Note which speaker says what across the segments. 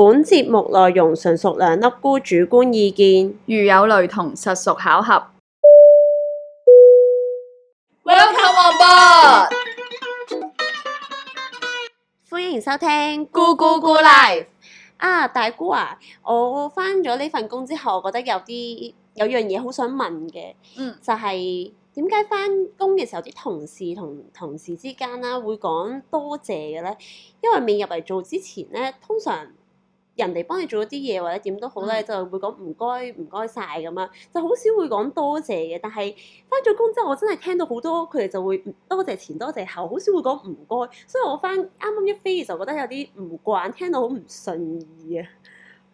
Speaker 1: 本節目內容純屬兩粒菇主觀意見，如有雷同，實屬巧合。
Speaker 2: Welcome，王博，
Speaker 1: 歡迎收聽《咕咕咕 Live》。啊，大姑啊，我翻咗呢份工之後，我覺得有啲有樣嘢好想問嘅，嗯，就係點解翻工嘅時候，啲同事同同事之間啦會講多謝嘅咧？因為未入嚟做之前咧，通常人哋幫你做咗啲嘢或者點都好咧、嗯，就會講唔該唔該晒。咁樣，就好少會講多謝嘅。但係翻咗工之後，我真係聽到好多佢哋就會多謝前多謝後，
Speaker 2: 好少會講唔該。所以我翻啱啱一飛就覺得有啲唔慣，聽到好唔順意啊！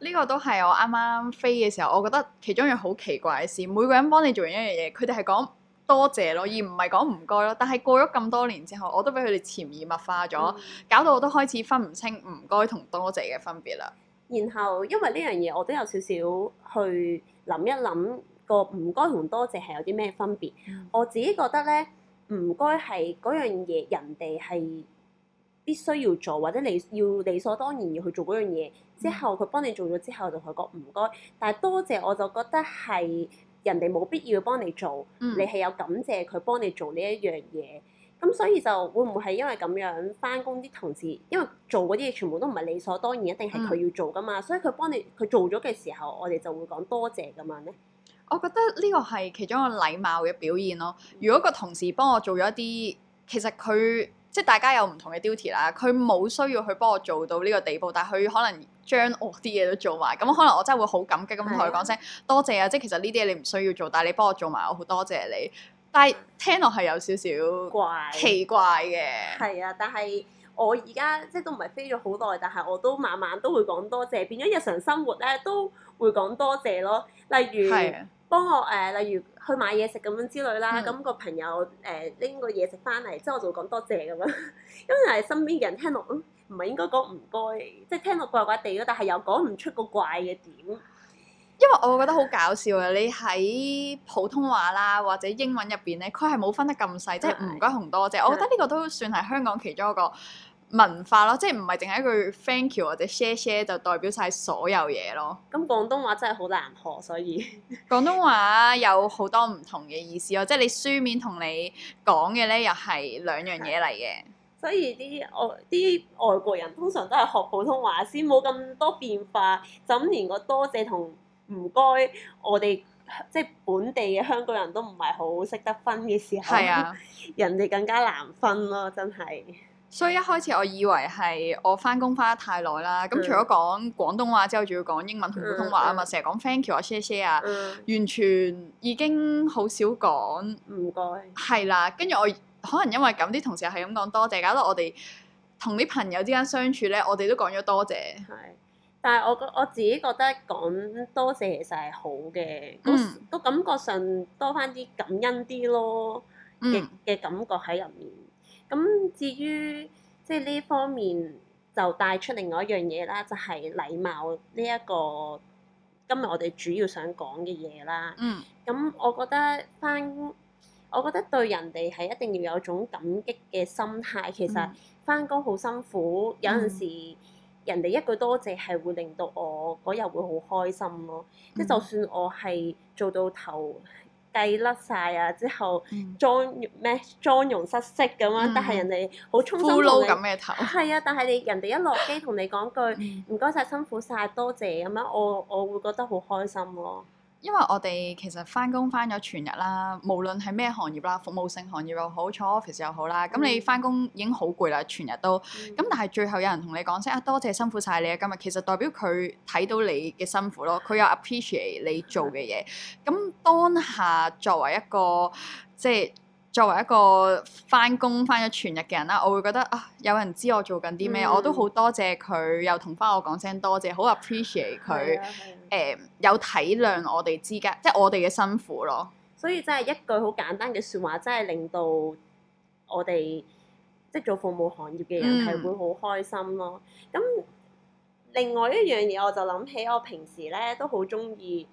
Speaker 2: 呢個都係我啱啱飛嘅時候，我覺得其中一樣好奇怪嘅事。每個人幫你做完一樣嘢，佢哋係講多謝咯，而唔係講唔該咯。但係過咗咁多年之後，我都俾佢哋潛移默化咗，嗯、搞到我都開始分唔清唔該同多謝嘅分別啦。
Speaker 1: 然後，因為呢樣嘢，我都有少少去諗一諗個唔該同多謝係有啲咩分別。嗯、我自己覺得咧，唔該係嗰樣嘢人哋係必須要做，或者你要理所當然要去做嗰樣嘢之後，佢幫你做咗之後，就佢講唔該。但係多謝我就覺得係人哋冇必要幫你做，你係有感謝佢幫你做呢一樣嘢。嗯咁、嗯、所以就會唔會係因為咁樣翻工啲同事，因為做嗰啲嘢全部都唔係理所當然，一定係佢要
Speaker 2: 做噶嘛，嗯、所以佢幫你佢做咗嘅時候，我哋就會講多謝噶嘛咧。我覺得呢個係其中一個禮貌嘅表現咯。如果個同事幫我做咗一啲，其實佢即係大家有唔同嘅 duty 啦，佢冇需要去幫我做到呢個地步，但係佢可能將我啲嘢都做埋，咁可能我真係會好感激咁同佢講聲多謝啊！即係其實呢啲嘢你唔需要做，但係你幫我做埋，我好多謝你。但係聽落係有少少奇怪嘅，係啊！
Speaker 1: 但係我而家即係都唔係飛咗好耐，但係我都晚晚都會講多謝，變咗日常生活咧都會講多謝咯。例如幫我誒、呃，例如去買嘢食咁樣之類啦，咁、嗯、個朋友誒拎、呃、個嘢食翻嚟，之後我就講多謝咁樣。因為身邊嘅人聽落唔唔係應該講唔該，即係聽落怪怪地咯，但係又講唔出個怪嘅點。
Speaker 2: 因為我覺得好搞笑啊。你喺普通話啦，或者英文入邊咧，佢係冇分得咁細，的即係唔該同多謝。的我覺得呢個都算係香港其中一個文化咯，的即係唔係淨係一句 thank you 或者謝謝就代表晒所有嘢咯。咁廣東話真係好難學，所以廣東話有好多唔同嘅意思咯， 即係你書面同你講嘅咧又係兩樣嘢嚟嘅。
Speaker 1: 所以啲外啲外國人通常都係學普通話先，冇咁多變化，就咁連個多謝同，唔該，我哋即係本地嘅香港人都唔係好識得分嘅時候，啊、 人哋更加難分咯，真係。
Speaker 2: 所以一開始我以為係我翻工翻得太耐啦，咁、嗯、除咗講廣東話之後，仲要講英文同普通話啊、嗯嗯、嘛，成日講 thank you 啊、嗯，謝謝啊，完全已經好少講。唔該。係啦、啊，跟住我可能因為咁啲同事又係咁講多謝，搞到我哋同啲朋友之間相處咧，我哋都講咗多謝。係。
Speaker 1: 但係我個我自己覺得講多謝，謝其實係好嘅，都、嗯、感覺上多翻啲感恩啲咯，嘅嘅、嗯、感覺喺入面。咁至於即係呢方面就帶出另外一樣嘢啦，就係、是、禮貌呢、這、一個。今日我哋主要想講嘅嘢啦，咁、嗯嗯、我覺得翻，我覺得對人哋係一定要有種感激嘅心態。其實翻工好辛苦，嗯、有陣時。嗯人哋一句多謝係會令到我嗰日會好開心咯，嗯、即就算我係做到頭計甩晒啊，之後妝咩妝容失色咁樣，嗯、但係人哋好衷心同你係啊，但係你人哋一落機同你講句唔該晒，辛苦晒，多謝咁樣，我我會覺得好開心咯。
Speaker 2: 因為我哋其實翻工翻咗全日啦，無論係咩行業啦，服務性行業又好，坐 office 又好啦，咁、嗯、你翻工已經好攰啦，全日都。咁、嗯、但係最後有人同你講聲啊，多謝辛苦晒你啊今日，其實代表佢睇到你嘅辛苦咯，佢又 appreciate 你做嘅嘢。咁當下作為一個即係。作為一個返工返咗全日嘅人啦，我會覺得啊，有人知我做緊啲咩，嗯、我都好多謝佢，又同返我講聲多謝，好 appreciate 佢誒、啊啊呃、有體諒我哋之間，即係我哋嘅辛苦咯。
Speaker 1: 所以真係一句好簡單嘅説話，真係令到我哋即係做服務行業嘅人係會好開心咯。咁、嗯、另外一樣嘢，我就諗起我平時咧都好中意，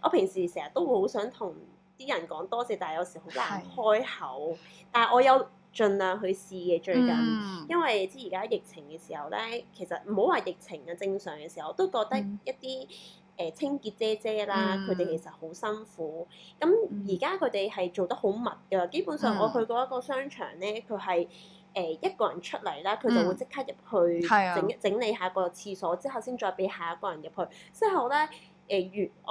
Speaker 1: 我平時成日都會好想同，啲人講多謝，但係有時好難開口。是但係我有盡量去試嘅，最近，嗯、因為知而家疫情嘅時候咧，其實唔好話疫情啊，正常嘅時候我都覺得一啲誒、嗯呃、清潔姐姐啦，佢哋、嗯、其實好辛苦。咁而家佢哋係做得好密㗎，基本上我去過一個商場咧，佢係誒一個人出嚟啦，佢就會即刻入去、嗯、整的整理下個廁所之後，先再俾下一個人入去。之後咧。誒完，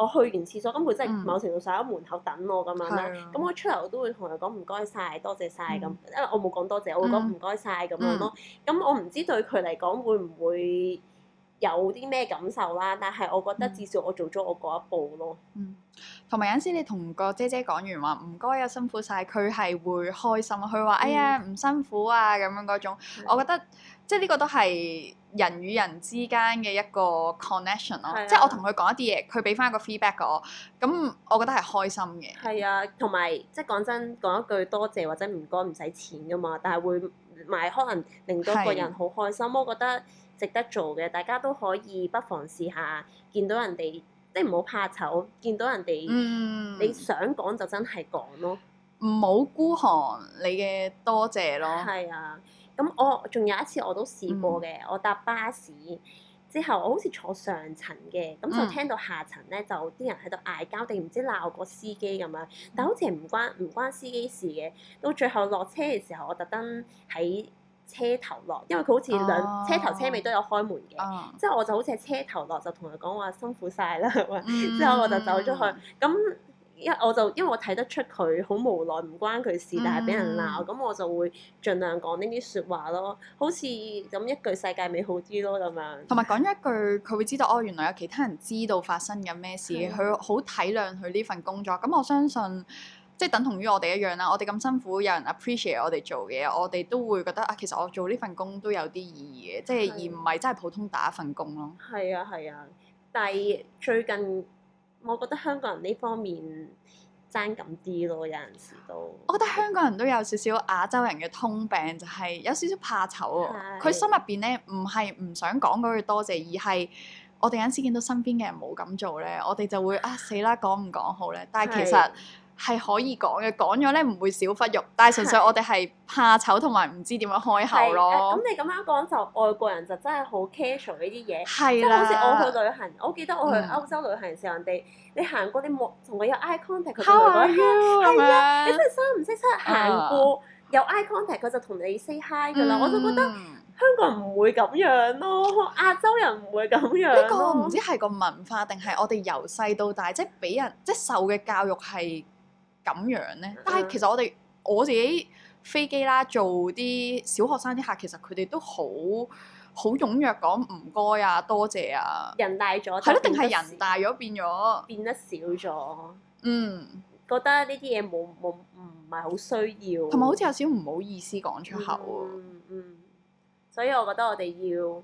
Speaker 1: 我去完廁所，咁佢真係某程度上喺門口等我噶嘛，咁我出嚟我都會同佢講「唔該晒，多謝晒。謝謝」咁，嗯、因為我冇講多謝，我會講「唔該晒。謝謝」咁樣咯。咁、嗯嗯、我唔知對佢嚟講會唔會？有啲咩感受啦？但係我覺得至少我做咗我嗰一步咯。同
Speaker 2: 埋、嗯、有陣時你同個姐姐講完話，唔該啊，辛苦晒，佢係會開心。佢話：嗯、哎呀，唔辛苦啊咁樣嗰種。嗯、我覺得即係呢個都係人與人之間嘅一個 connection 咯。即係、啊、我同佢講一啲嘢，佢俾翻一個 feedback 我，咁我覺得係開心嘅。
Speaker 1: 係啊，同埋即係講真，講一句多謝或者唔該，唔使錢㗎嘛。但係會賣，可能令到一個人好開心、啊。我覺得。值得做嘅，大家都可以不妨試下。見到人哋，即係唔好怕醜，見到人哋、嗯嗯，你想講就真係講咯。
Speaker 2: 唔好孤寒你嘅多謝咯。係
Speaker 1: 啊，咁我仲有一次我都試過嘅，嗯、我搭巴士之後，我好似坐上層嘅，咁就聽到下層咧就啲人喺度嗌交，定唔知鬧個司機咁樣。但好似係唔關唔關司機事嘅。到最後落車嘅時候，我特登喺車頭落，因為佢好似兩、oh. 車頭車尾都有開門嘅，oh. 之後我就好似係車頭落就，就同佢講話辛苦晒啦，mm hmm. 之後我就走咗去。咁一我就因為我睇得出佢好無奈，唔關佢事，但係俾人鬧，咁、mm hmm. 我就會盡量講呢啲説話咯。好似咁一句世界美好啲咯，咁樣、mm。
Speaker 2: 同埋講一句，佢會知道哦，原來有其他人知道發生緊咩事，佢好、mm hmm. 體諒佢呢份工作。咁我相信。即係等同於我哋一樣啦，我哋咁辛苦，有人 appreciate 我哋做嘢，我哋都會覺得啊，其實我做呢份工都有啲意義嘅，即係是而唔係真係普通打一份工咯。
Speaker 1: 係啊係啊，但係最近我覺得香港人呢方面爭緊啲咯，有陣
Speaker 2: 時都。我覺得香港人都有少少亞洲人嘅通病，就係、是、有少少怕醜啊。佢是心入邊咧，唔係唔想講嗰句多謝，而係我哋有陣時見到身邊嘅人冇咁做咧，我哋就會啊，死啦講唔講好咧？但係其實。係可以講嘅，講咗咧唔會少忽肉，但係純粹我哋係怕醜同埋唔知點樣開口咯。咁你
Speaker 1: 咁樣講就外國人就真係 cas 的好 casual 呢啲嘢，即係好似我去旅行，我記得我去歐洲旅行時，人哋你行過啲冇同佢有 eye contact 佢就會問你，係咪？你真係三唔識七行過有 eye contact 佢就同你 say hi 㗎啦。
Speaker 2: 嗯，我就覺得香港人唔會咁樣咯，亞洲人唔會咁樣。呢個唔知係個文化定係我哋由細到大即係俾人即係受嘅教育係。咁樣咧，但係其實我哋我自己飛機啦，做啲小學生啲客，其實佢哋都好好踴躍講唔該啊、多謝啊，人大咗，係咯，定係人大咗變咗，變得少咗，少嗯，覺得呢啲嘢冇冇唔係好需要，同埋好似有少少唔好意思講出口
Speaker 1: 喎，嗯，所以我覺得我哋要。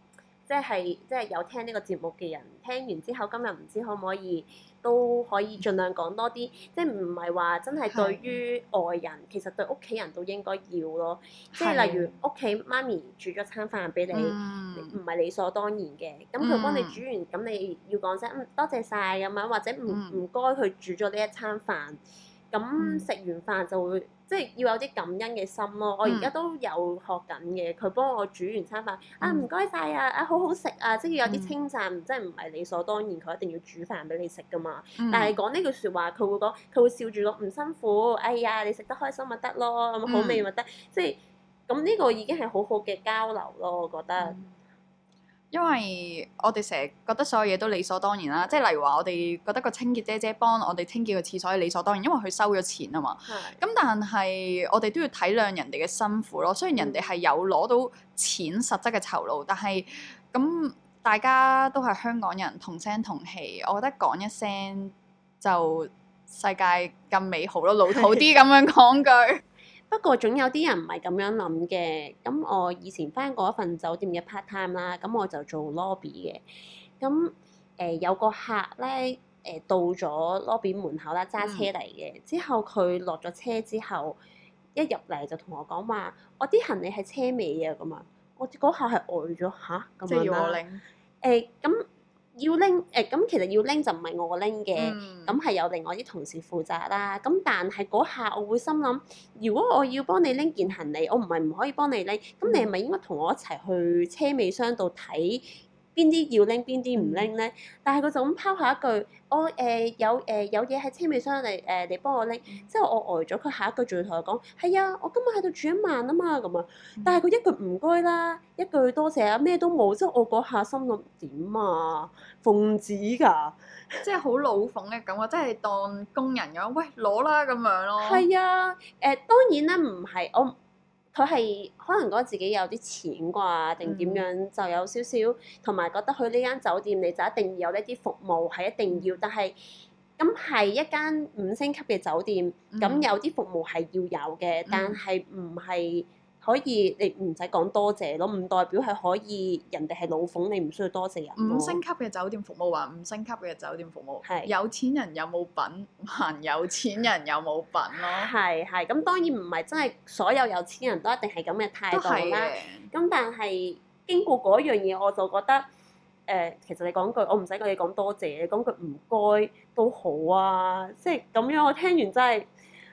Speaker 1: 即係，即係有聽呢個節目嘅人，聽完之後今日唔知可唔可以都可以盡量講多啲。即係唔係話真係對於外人，的其實對屋企人都應該要咯。即係例如屋企的媽咪煮咗餐飯俾你，唔係、嗯、理所當然嘅。咁佢幫你煮完，咁、嗯、你要講聲、嗯、多謝晒，咁樣，或者唔唔該佢煮咗呢一餐飯。咁食、嗯、完飯就會即係要有啲感恩嘅心咯。嗯、我而家都有學緊嘅，佢幫我煮完餐飯啊，唔該晒啊，啊好好食啊，即係要有啲稱讚，嗯、即係唔係理所當然，佢一定要煮飯俾你食噶嘛。嗯、但係講呢句説話，佢會講，佢會笑住講唔辛苦，哎呀，你食得開心咪得咯，咁好味咪得，嗯、即係咁呢個已經係好好嘅交流咯，我覺得。嗯
Speaker 2: 因為我哋成日覺得所有嘢都理所當然啦，即係例如話我哋覺得個清潔姐姐幫我哋清潔個廁所係理所當然，因為佢收咗錢啊嘛。咁是但係我哋都要體諒人哋嘅辛苦咯。雖然人哋係有攞到錢實質嘅酬勞，嗯、但係咁大家都係香港人同聲同氣，我覺得講一聲就世界咁美好咯。老土啲咁樣講
Speaker 1: 句。不過總有啲人唔係咁樣諗嘅，咁我以前返過一份酒店嘅 part time 啦，咁我就做 lobby 嘅。咁誒、呃、有個客咧誒、呃、到咗 lobby 門口啦，揸車嚟嘅。之後佢落咗車之後，一入嚟就同我講話，我啲行李喺車尾啊咁啊，那我嗰下係呆咗嚇咁啊。即係要我拎。誒咁。要拎誒，咁、欸、其實要拎就唔係我拎嘅，咁係、嗯、有另外啲同事負責啦、啊。咁但係嗰下，我會心諗，如果我要幫你拎件行李，我唔係唔可以幫你拎，咁你係咪應該同我一齊去車尾箱度睇？邊啲要拎邊啲唔拎咧？但係佢就咁拋下一句，我誒、嗯哦呃、有誒、呃、有嘢喺車尾箱嚟誒、呃，你幫我拎。之後我呆咗，佢下一句仲要同佢講：係、嗯、啊，我今日喺度住一晚啊嘛。咁啊，但係佢一句唔該啦，一句多謝啊，咩都冇。之後我嗰下心諗點啊？
Speaker 2: 奉旨㗎，即係好老奉嘅感覺，我真係當工人咁，喂攞啦咁樣咯。係啊，誒、呃、當然啦，唔係我。佢係可能覺得自
Speaker 1: 己有啲錢啩，定點樣就有少少，同埋覺得去呢間酒店你就一定要有呢啲服務係一定要，但係咁係一間五星級嘅酒店，咁有啲服務係要有嘅，但係唔係。可以，你唔使
Speaker 2: 講多謝咯，唔代表係可以人哋係老闆，你唔需要多謝人。五星級嘅酒店服務啊，五星級嘅酒店服務。係。是有錢人有冇品，行有錢人有冇品咯。係係， 咁當然唔係真係所有有錢人都一定係咁嘅態度啦。
Speaker 1: 咁但係經過嗰樣嘢，我就覺得，誒、呃，其實你講句，我唔使你講多謝，你講句唔該都好啊，即係咁樣，我聽完真係。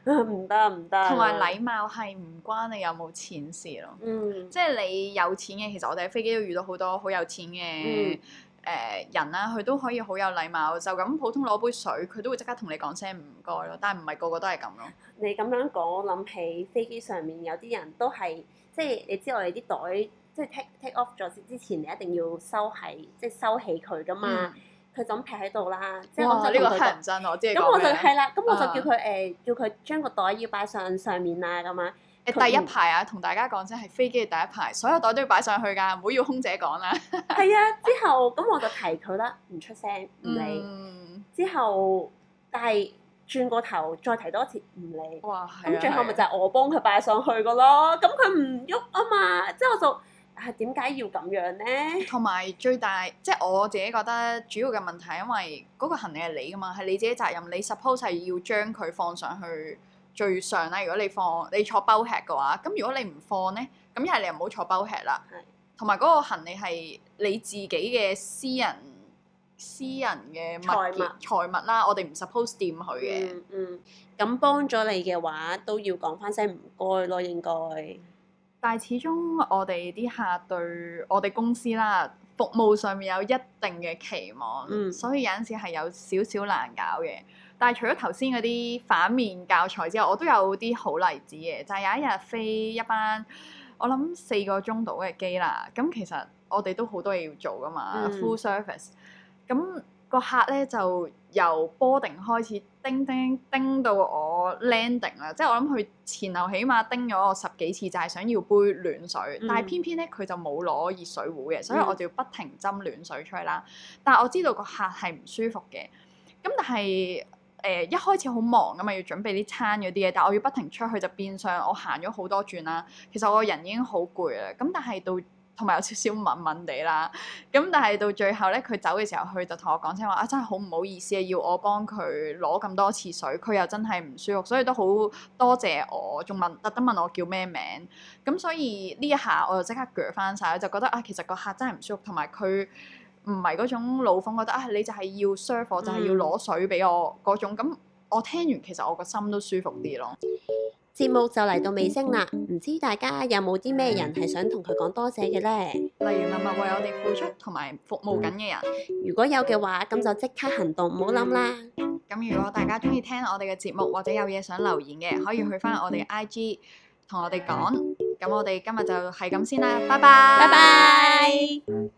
Speaker 2: 唔得唔得，同埋 禮貌係唔關你有冇錢事咯。嗯，即係你有錢嘅，其實我哋喺飛機都遇到好多好有錢嘅誒人啦，佢、嗯啊、都可以好有禮貌，就咁普通攞杯水，佢都會即刻同你講聲唔該咯。嗯、但係唔係個個都係咁咯。你咁樣講，我諗起飛機上面有啲人都係，即係你知我哋
Speaker 1: 啲袋，即係 take take off 咗之前，你一定要收起，即係收起佢噶嘛。嗯佢總撇喺度啦，即係我就叫佢。咁我就係啦，咁我就叫佢誒，叫
Speaker 2: 佢將個袋要擺上上面啊咁樣。誒第一排啊，同大家講，即係飛機嘅第一排，所有袋都要擺上去㗎，唔好要空姐講啦。係
Speaker 1: 啊，之後咁我就提佢啦，唔出聲唔理。之後，但係轉個頭再提多次唔理。哇！咁最後咪就係我幫佢擺上去㗎咯，咁佢唔喐啊嘛，
Speaker 2: 之後我就。係點解要咁樣咧？同埋最大，即、就、係、是、我自己覺得主要嘅問題，因為嗰個行李係你噶嘛，係你自己責任。你 suppose 係要將佢放上去最上啦。如果你放你坐包廂嘅話，咁如果你唔放咧，咁一係你唔好坐包廂啦。係是。同埋嗰個行李係你自己嘅私人、嗯、私人嘅財物財物啦。我哋唔 suppose 掂佢嘅、嗯。嗯。咁幫咗你嘅話，都要講返聲唔該咯，應該。但係始終我哋啲客對我哋公司啦，服務上面有一定嘅期望，嗯、所以有陣時係有少少難搞嘅。但係除咗頭先嗰啲反面教材之外，我都有啲好例子嘅。就係、是、有一日飛一班，我諗四個鐘度嘅機啦。咁其實我哋都好多嘢要做㗎嘛嗯、full service 咁個客咧就由 boarding 開始叮叮叮，叮到我 landing 啦，即係我諗佢前後起碼叮咗我十幾次，就係、是、想要杯暖水，嗯、但係偏偏咧佢就冇攞熱水壺嘅，所以我就要不停斟暖水出去啦。嗯、但係我知道個客係唔舒服嘅，咁但係誒、呃、一開始好忙咁嘛，要準備啲餐嗰啲嘢，但係我要不停出去就變相我行咗好多轉啦。其實我個人已經好攰啦，咁但係到，同埋有少少悶悶地啦，咁但係到最後咧，佢走嘅時候佢就同我講聲話啊，真係好唔好意思啊，要我幫佢攞咁多次水，佢又真係唔舒服，所以都好多謝我，仲問特登問我叫咩名，咁所以呢一下我就即刻鋸翻曬，就覺得啊，其實個客真係唔舒服，同埋佢唔係嗰種老奉覺得啊，你就係要 serve 我就係、是、要攞水俾我嗰、嗯、種，咁我聽完其實我個心都舒服啲咯。
Speaker 1: 節目就嚟到尾聲啦，唔知大家有冇啲咩人係想
Speaker 2: 同佢講多謝嘅呢？例如默默為我哋付出同埋服務緊嘅人，如果有嘅話，咁就即刻行動，唔好諗啦。咁如果大家中意聽我哋嘅節目或者有嘢想留言嘅，可以去翻我哋 IG 同我哋講。咁我哋今日就係咁先啦，拜拜，拜拜。